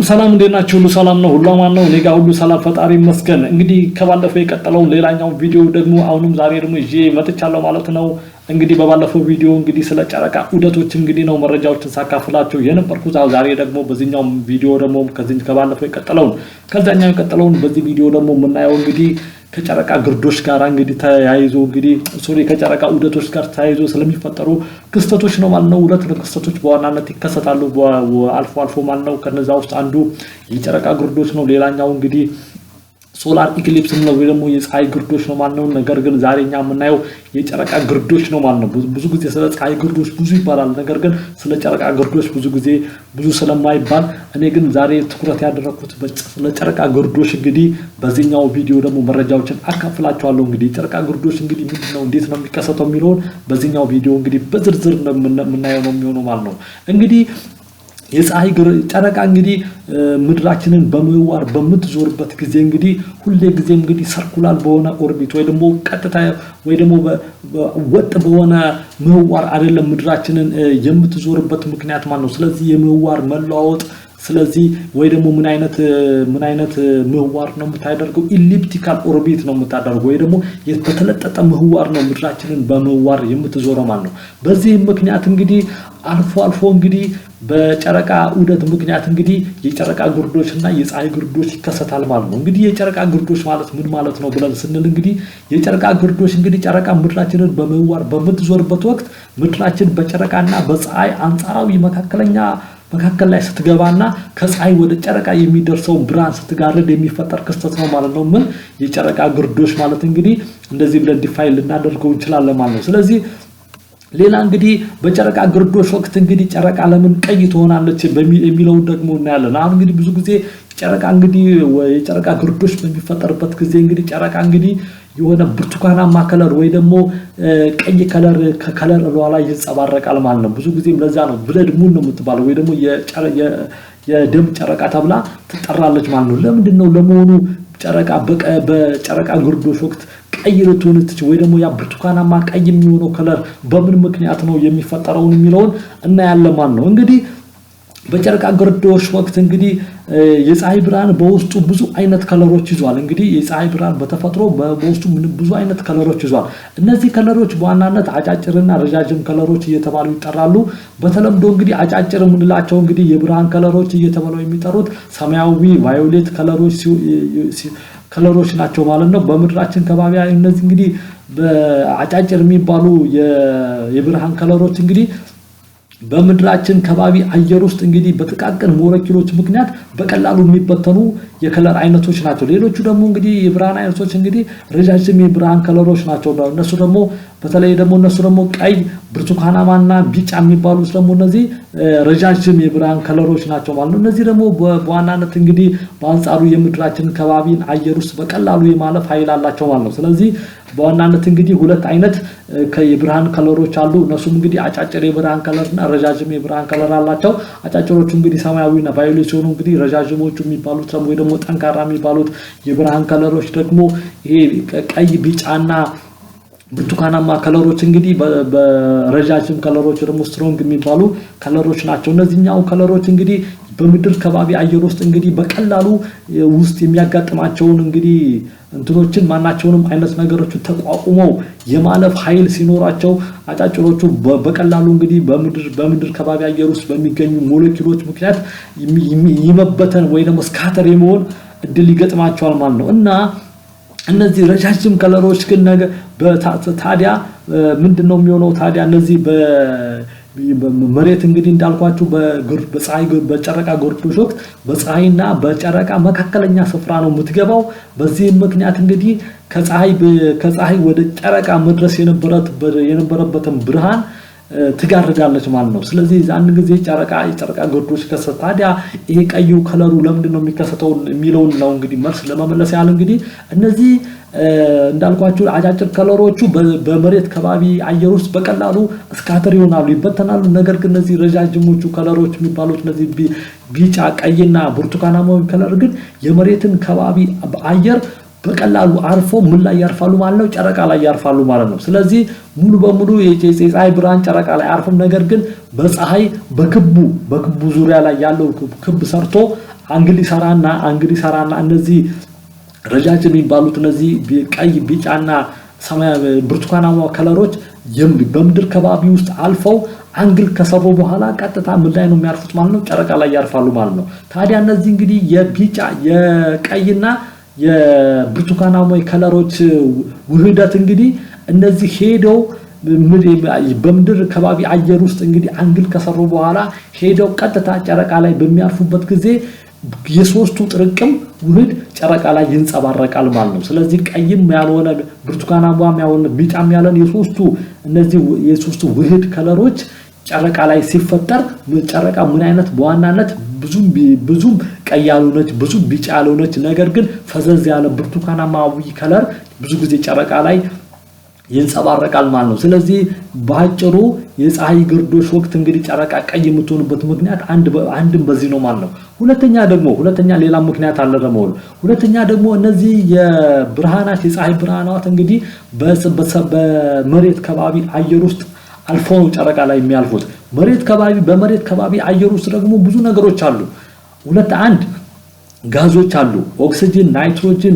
ሰላም ሰላም፣ እንዴት ናችሁ? ሁሉ ሰላም ነው፣ ሁሉ አማን ነው። እኔ ጋር ሁሉ ሰላም፣ ፈጣሪ ይመስገን። እንግዲህ ከባለፈው የቀጠለውን ሌላኛው ቪዲዮ ደግሞ አሁንም ዛሬ ደግሞ ይዤ መጥቻለሁ ማለት ነው። እንግዲህ በባለፈው ቪዲዮ እንግዲህ ስለ ጨረቃ ዑደቶች እንግዲህ ነው መረጃዎችን ሳካፍላቸው የነበርኩት። ዛሬ ደግሞ በዚህኛው ቪዲዮ ደግሞ ከባለፈው የቀጠለውን ከዛኛው የቀጠለውን በዚህ ቪዲዮ ደግሞ የምናየው እንግዲህ ከጨረቃ ግርዶች ጋር እንግዲህ ተያይዞ እንግዲህ ሶሪ ከጨረቃ ውደቶች ጋር ተያይዞ ስለሚፈጠሩ ክስተቶች ነው ማለት ነው። ሁለት ክስተቶች በዋናነት ይከሰታሉ አልፎ አልፎ ማለት ነው። ከነዛ ውስጥ አንዱ የጨረቃ ግርዶች ነው። ሌላኛው እንግዲህ ሶላር ኢክሊፕስ ነው ወይ ደግሞ የፀሐይ ግርዶሽ ነው ማለት ነው። ነገር ግን ዛሬ እኛ የምናየው የጨረቃ ግርዶሽ ነው ማለት ነው። ብዙ ጊዜ ስለ ፀሐይ ግርዶሽ ብዙ ይባላል፣ ነገር ግን ስለ ጨረቃ ግርዶሽ ብዙ ጊዜ ብዙ ስለማይባል እኔ ግን ዛሬ ትኩረት ያደረኩት ስለ ጨረቃ ግርዶሽ እንግዲህ በዚህኛው ቪዲዮ ደግሞ መረጃዎችን አካፍላቸዋለሁ እንግዲህ የጨረቃ ግርዶሽ እንግዲህ ምንድን ነው እንዴት ነው የሚከሰተው የሚለውን በዚህኛው ቪዲዮ እንግዲህ በዝርዝር የምናየው ነው የሚሆነው ማለት ነው እንግዲህ የፀሐይ ጨረቃ እንግዲህ ምድራችንን በምህዋር በምትዞርበት ጊዜ እንግዲህ ሁሌ ጊዜ እንግዲህ ሰርኩላል በሆነ ኦርቢት ወይ ደግሞ ቀጥታ ወይ ደግሞ ወጥ በሆነ ምህዋር አይደለም ምድራችንን የምትዞርበት ምክንያት ማለት ነው። ስለዚህ የምህዋር መለዋወጥ ስለዚህ ወይ ደግሞ ምን አይነት ምን አይነት ምህዋር ነው የምታደርገው? ኢሊፕቲካል ኦርቢት ነው የምታደርገው፣ ወይ ደግሞ በተለጠጠ ምህዋር ነው ምድራችንን በምህዋር የምትዞረው ማለት ነው። በዚህም ምክንያት እንግዲህ አልፎ አልፎ እንግዲህ በጨረቃ ዑደት ምክንያት እንግዲህ የጨረቃ ግርዶች እና የፀሐይ ግርዶች ይከሰታል ማለት ነው። እንግዲህ የጨረቃ ግርዶች ማለት ምን ማለት ነው ብለን ስንል እንግዲህ የጨረቃ ግርዶች እንግዲህ ጨረቃ ምድራችንን በምህዋር በምትዞርበት ወቅት ምድራችን በጨረቃና በፀሐይ አንጻራዊ መካከለኛ መካከል ላይ ስትገባና ከፀሐይ ወደ ጨረቃ የሚደርሰውን ብርሃን ስትጋርድ የሚፈጠር ክስተት ነው ማለት ነው። ምን የጨረቃ ግርዶች ማለት እንግዲህ እንደዚህ ብለን ዲፋይን ልናደርገው እንችላለን ማለት ነው። ስለዚህ ሌላ እንግዲህ በጨረቃ ግርዶች ወቅት እንግዲህ ጨረቃ ለምን ቀይ ትሆናለች የሚለውን ደግሞ እናያለን። አሁን እንግዲህ ብዙ ጊዜ ጨረቃ እንግዲህ የጨረቃ ግርዶች በሚፈጠርበት ጊዜ እንግዲህ ጨረቃ እንግዲህ የሆነ ብርቱካናማ ከለር ወይ ደግሞ ቀይ ከለር ከከለር በኋላ ይንጸባረቃል ማለት ነው። ብዙ ጊዜም ለዛ ነው ብለድ ሙን ነው የምትባለው ወይ ደግሞ የደም ጨረቃ ተብላ ትጠራለች ማለት ነው። ለምንድን ነው ለመሆኑ ጨረቃ በጨረቃ ግርዶሽ ወቅት ቀይ ልትሆን ትችል ወይ ደግሞ ያ ብርቱካናማ ቀይ የሚሆነው ከለር በምን ምክንያት ነው የሚፈጠረውን የሚለውን እናያለን ማለት ነው እንግዲህ በጨረቃ ግርዶሽ ወቅት እንግዲህ የፀሐይ ብርሃን በውስጡ ብዙ አይነት ከለሮች ይዟል። እንግዲህ የፀሐይ ብርሃን በተፈጥሮ በውስጡ ብዙ አይነት ከለሮች ይዟል። እነዚህ ከለሮች በዋናነት አጫጭርና ረዣዥም ከለሮች እየተባሉ ይጠራሉ። በተለምዶ እንግዲህ አጫጭር የምንላቸው እንግዲህ የብርሃን ከለሮች እየተባለው የሚጠሩት ሰማያዊ፣ ቫዮሌት ከለሮች ናቸው ማለት ነው። በምድራችን ከባቢ እነዚህ እንግዲህ በአጫጭር የሚባሉ የብርሃን ከለሮች እንግዲህ በምድራችን ከባቢ አየር ውስጥ እንግዲህ በጥቃቅን ሞለኪሎች ምክንያት በቀላሉ የሚበተኑ የከለር አይነቶች ናቸው። ሌሎቹ ደግሞ እንግዲህ የብርሃን አይነቶች እንግዲህ ረዣዥም የብርሃን ከለሮች ናቸው። እነሱ ደግሞ በተለይ ደግሞ እነሱ ደግሞ ቀይ፣ እና ቢጫ የሚባሉት ደግሞ እነዚህ ረዣዥም የብርሃን ከለሮች ናቸው ማለት ነው። እነዚህ ደግሞ በዋናነት እንግዲህ በአንጻሩ የምድራችን ከባቢን አየር ውስጥ በቀላሉ የማለፍ ኃይል አላቸው ማለት ነው። ስለዚህ በዋናነት እንግዲህ ሁለት አይነት የብርሃን ከለሮች አሉ። እነሱም እንግዲህ አጫጭር የብርሃን ከለር እና ረዣዥም የብርሃን ከለር አላቸው። አጫጭሮቹ እንግዲህ ሰማያዊና ቫዮሌት ሲሆኑ እንግዲህ ረዣዥሞቹ የሚባሉት ወይ ደግሞ ጠንካራ የሚባሉት የብርሃን ከለሮች ደግሞ ይሄ ቀይ፣ ቢጫና ብርቱካናማ ከለሮች እንግዲህ በረጃጅም ከለሮች ደግሞ ስትሮንግ የሚባሉ ከለሮች ናቸው። እነዚህኛው ከለሮች እንግዲህ በምድር ከባቢ አየር ውስጥ እንግዲህ በቀላሉ ውስጥ የሚያጋጥማቸውን እንግዲህ እንትኖችን ማናቸውንም አይነት ነገሮች ተቋቁመው የማለፍ ኃይል ሲኖራቸው አጫጭሮቹ በቀላሉ እንግዲህ በምድር በምድር ከባቢ አየር ውስጥ በሚገኙ ሞለኪሎች ምክንያት ይመበተን ወይ ደግሞ ስካተር የመሆን እድል ይገጥማቸዋል ማለት ነው እና እነዚህ ረጃጅም ከለሮች ግን ነገ ታዲያ ምንድን ነው የሚሆነው ታዲያ እነዚህ መሬት እንግዲህ እንዳልኳችሁ በፀሐይ በጨረቃ ግርዶሽ ወቅት በፀሐይና በጨረቃ መካከለኛ ስፍራ ነው የምትገባው። በዚህም ምክንያት እንግዲህ ከፀሐይ ወደ ጨረቃ መድረስ የነበረበትን ብርሃን ትጋርዳለች ማለት ነው። ስለዚህ ዛን ጊዜ ጨረቃ የጨረቃ ግርዶሽ ሲከሰት ታዲያ ይሄ ቀዩ ከለሩ ለምንድን ነው የሚከሰተው የሚለውን ነው እንግዲህ መልስ ለመመለስ ያህል እንግዲህ እነዚህ እንዳልኳችሁ አጫጭር ከለሮቹ በመሬት ከባቢ አየር ውስጥ በቀላሉ ስካተር ይሆናሉ፣ ይበተናሉ። ነገር ግን እነዚህ ረዣዥሞቹ ከለሮች የሚባሉት እነዚህ ቢጫ፣ ቀይና ብርቱካናማዊ ከለር ግን የመሬትን ከባቢ አየር በቀላሉ አርፎ ምን ላይ ያርፋሉ ማለት ነው? ጨረቃ ላይ ያርፋሉ ማለት ነው። ስለዚህ ሙሉ በሙሉ የፀሐይ ብርሃን ጨረቃ ላይ አርፍም፣ ነገር ግን በፀሐይ በክቡ በክቡ ዙሪያ ላይ ያለው ክብ ሰርቶ አንግል ይሰራና አንግል ይሰራና እነዚህ ረጃጅም የሚባሉት እነዚህ ቀይ፣ ቢጫና ሰማያዊ ብርቱካናማ ከለሮች በምድር ከባቢ ውስጥ አልፈው አንግል ከሰሩ በኋላ ቀጥታ ምን ላይ ነው የሚያርፉት ማለት ነው? ጨረቃ ላይ ያርፋሉ ማለት ነው። ታዲያ እነዚህ እንግዲህ የቢጫ የቀይና የብርቱካናማ ከለሮች ውህደት እንግዲህ እነዚህ ሄደው በምድር ከባቢ አየር ውስጥ እንግዲህ አንግል ከሰሩ በኋላ ሄደው ቀጥታ ጨረቃ ላይ በሚያርፉበት ጊዜ የሶስቱ ጥርቅም ውህድ ጨረቃ ላይ ይንጸባረቃል ማለት ነው። ስለዚህ ቀይም ያልሆነ ብርቱካናማም ያልሆነ ቢጫም ያለን የሶስቱ እነዚህ የሶስቱ ውህድ ከለሮች ጨረቃ ላይ ሲፈጠር ጨረቃ ምን አይነት በዋናነት ብዙም ብዙም ቀይ ያልሆነች ብዙም ቢጫ ያልሆነች ነገር ግን ፈዘዝ ያለ ብርቱካናማዊ ከለር ብዙ ጊዜ ጨረቃ ላይ ይንጸባረቃል ማለት ነው። ስለዚህ በአጭሩ የፀሐይ ግርዶሽ ወቅት እንግዲህ ጨረቃ ቀይ የምትሆንበት ምክንያት አንድም በዚህ ነው ማለት ነው። ሁለተኛ ደግሞ ሁለተኛ ሌላ ምክንያት አለ ደግሞ ሁለተኛ ደግሞ እነዚህ የብርሃናት የፀሐይ ብርሃናት እንግዲህ በመሬት ከባቢ አየር ውስጥ አልፎ ነው ጨረቃ ላይ የሚያልፉት። መሬት ከባቢ በመሬት ከባቢ አየር ውስጥ ደግሞ ብዙ ነገሮች አሉ። ሁለት አንድ ጋዞች አሉ ኦክሲጅን፣ ናይትሮጅን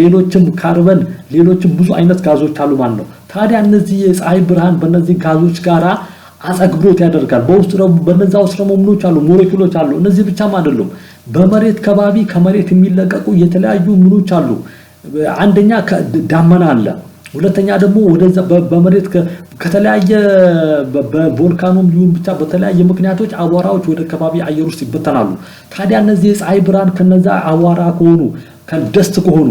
ሌሎችም ካርበን፣ ሌሎችም ብዙ አይነት ጋዞች አሉ ማለት ነው። ታዲያ እነዚህ የፀሐይ ብርሃን በእነዚህ ጋዞች ጋራ አጸግብሮት ያደርጋል። በውስጥ ደግሞ በነዛ ውስጥ ደግሞ ምኖች አሉ፣ ሞሌኪሎች አሉ። እነዚህ ብቻም አይደሉም። በመሬት ከባቢ ከመሬት የሚለቀቁ የተለያዩ ምኖች አሉ። አንደኛ ዳመና አለ። ሁለተኛ ደግሞ ወደዛ በመሬት ከተለያየ በቮልካኖም ሊሆን ብቻ በተለያየ ምክንያቶች አቧራዎች ወደ ከባቢ አየር ውስጥ ይበተናሉ። ታዲያ እነዚህ የፀሐይ ብርሃን ከነዛ አቧራ ከሆኑ ከደስት ከሆኑ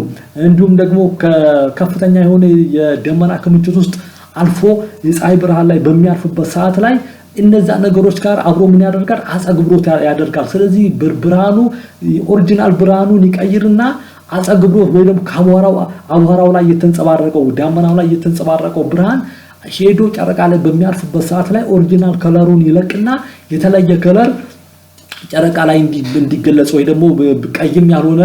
እንዲሁም ደግሞ ከከፍተኛ የሆነ የደመና ክምችት ውስጥ አልፎ የፀሐይ ብርሃን ላይ በሚያርፍበት ሰዓት ላይ እነዛ ነገሮች ጋር አብሮ ምን ያደርጋል? አጸግብሮት ያደርጋል። ስለዚህ ብርሃኑ ኦሪጂናል ብርሃኑን ይቀይርና አጸግብሮት ወይ ደግሞ ከአቧራው አቧራው ላይ የተንጸባረቀው ዳመናው ላይ የተንጸባረቀው ብርሃን ሄዶ ጨረቃ ላይ በሚያርፍበት ሰዓት ላይ ኦሪጂናል ከለሩን ይለቅና የተለየ ከለር ጨረቃ ላይ እንዲገለጽ ወይ ደግሞ ቀይም ያልሆነ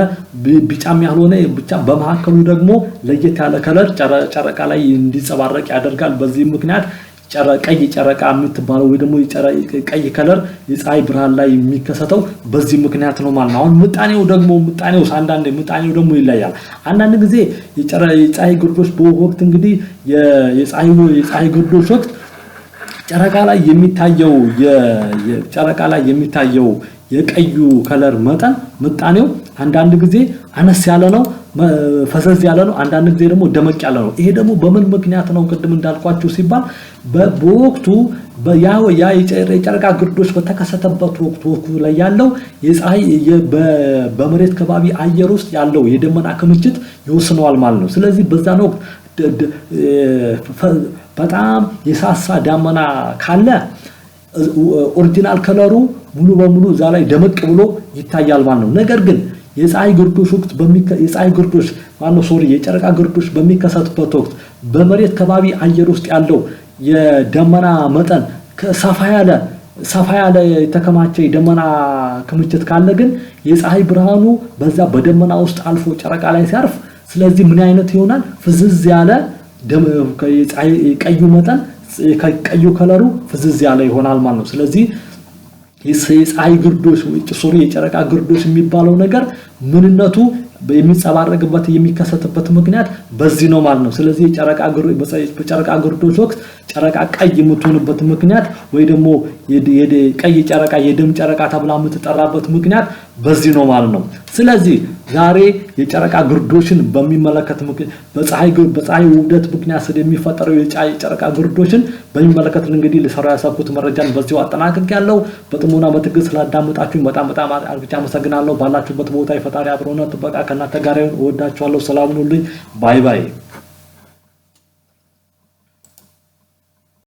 ቢጫም ያልሆነ ብቻ በመካከሉ ደግሞ ለየት ያለ ከለር ጨረቃ ላይ እንዲጸባረቅ ያደርጋል። በዚህ ምክንያት ቀይ ጨረቃ የምትባለው ወይ ደግሞ ቀይ ከለር የፀሐይ ብርሃን ላይ የሚከሰተው በዚህ ምክንያት ነው ማለት ነው። አሁን ምጣኔው ደግሞ ምጣኔው አንዳንዴ ምጣኔው ደግሞ ይለያል። አንዳንድ ጊዜ የፀሐይ ግርዶች በወቅት እንግዲህ የፀሐይ ግርዶች ወቅት ጨረቃ ላይ የሚታየው ጨረቃ ላይ የሚታየው የቀዩ ከለር መጠን ምጣኔው አንዳንድ ጊዜ አነስ ያለ ነው፣ ፈዘዝ ያለ ነው። አንዳንድ ጊዜ ደግሞ ደመቅ ያለ ነው። ይሄ ደግሞ በምን ምክንያት ነው? ቅድም እንዳልኳችሁ ሲባል በወቅቱ ያ የጨረቃ ግርዶች በተከሰተበት ወቅት ወቅቱ ላይ ያለው የፀሐይ በመሬት ከባቢ አየር ውስጥ ያለው የደመና ክምችት ይወስነዋል ማለት ነው። ስለዚህ በዛን ወቅት በጣም የሳሳ ዳመና ካለ ኦሪጂናል ከለሩ ሙሉ በሙሉ እዛ ላይ ደመቅ ብሎ ይታያል ማለት ነው። ነገር ግን የፀሐይ ግርዶሽ ወቅት የፀሐይ ግርዶሽ ማነው ሶሪ የጨረቃ ግርዶሽ በሚከሰትበት ወቅት በመሬት ከባቢ አየር ውስጥ ያለው የደመና መጠን ሰፋ ያለ ሰፋ ያለ የተከማቸ የደመና ክምችት ካለ ግን የፀሐይ ብርሃኑ በዛ በደመና ውስጥ አልፎ ጨረቃ ላይ ሲያርፍ ስለዚህ ምን አይነት ይሆናል? ፍዝዝ ያለ ቀዩ መጠን ቀዩ ከለሩ ፍዝዝ ያለ ይሆናል ማለት ነው። ስለዚህ የፀሐይ ግርዶሽ ሶሪ የጨረቃ ግርዶሽ የሚባለው ነገር ምንነቱ የሚንጸባረቅበት የሚከሰትበት ምክንያት በዚህ ነው ማለት ነው። ስለዚህ የጨረቃ ግርዶሽ ወቅት ጨረቃ ቀይ የምትሆንበት ምክንያት ወይ ደግሞ ቀይ ጨረቃ የደም ጨረቃ ተብላ የምትጠራበት ምክንያት በዚህ ነው ማለት ነው። ስለዚህ ዛሬ የጨረቃ ግርዶሽን በሚመለከት በፀሐይ ውደት ምክንያት ስለሚፈጠረው የጨረቃ ግርዶሽን በሚመለከት እንግዲህ ልሰራው ያሰብኩት መረጃን በዚሁ አጠናቅቅ ያለው በጥሞና በትዕግስት ስላዳመጣችሁኝ በጣም በጣም አመሰግናለሁ። ባላችሁበት ቦታ የፈጣሪ አብሮነት ጥበቃ ከእናንተ ጋር ይሁን። እወዳችኋለሁ። ሰላም ሁኑልኝ። ባይ ባይ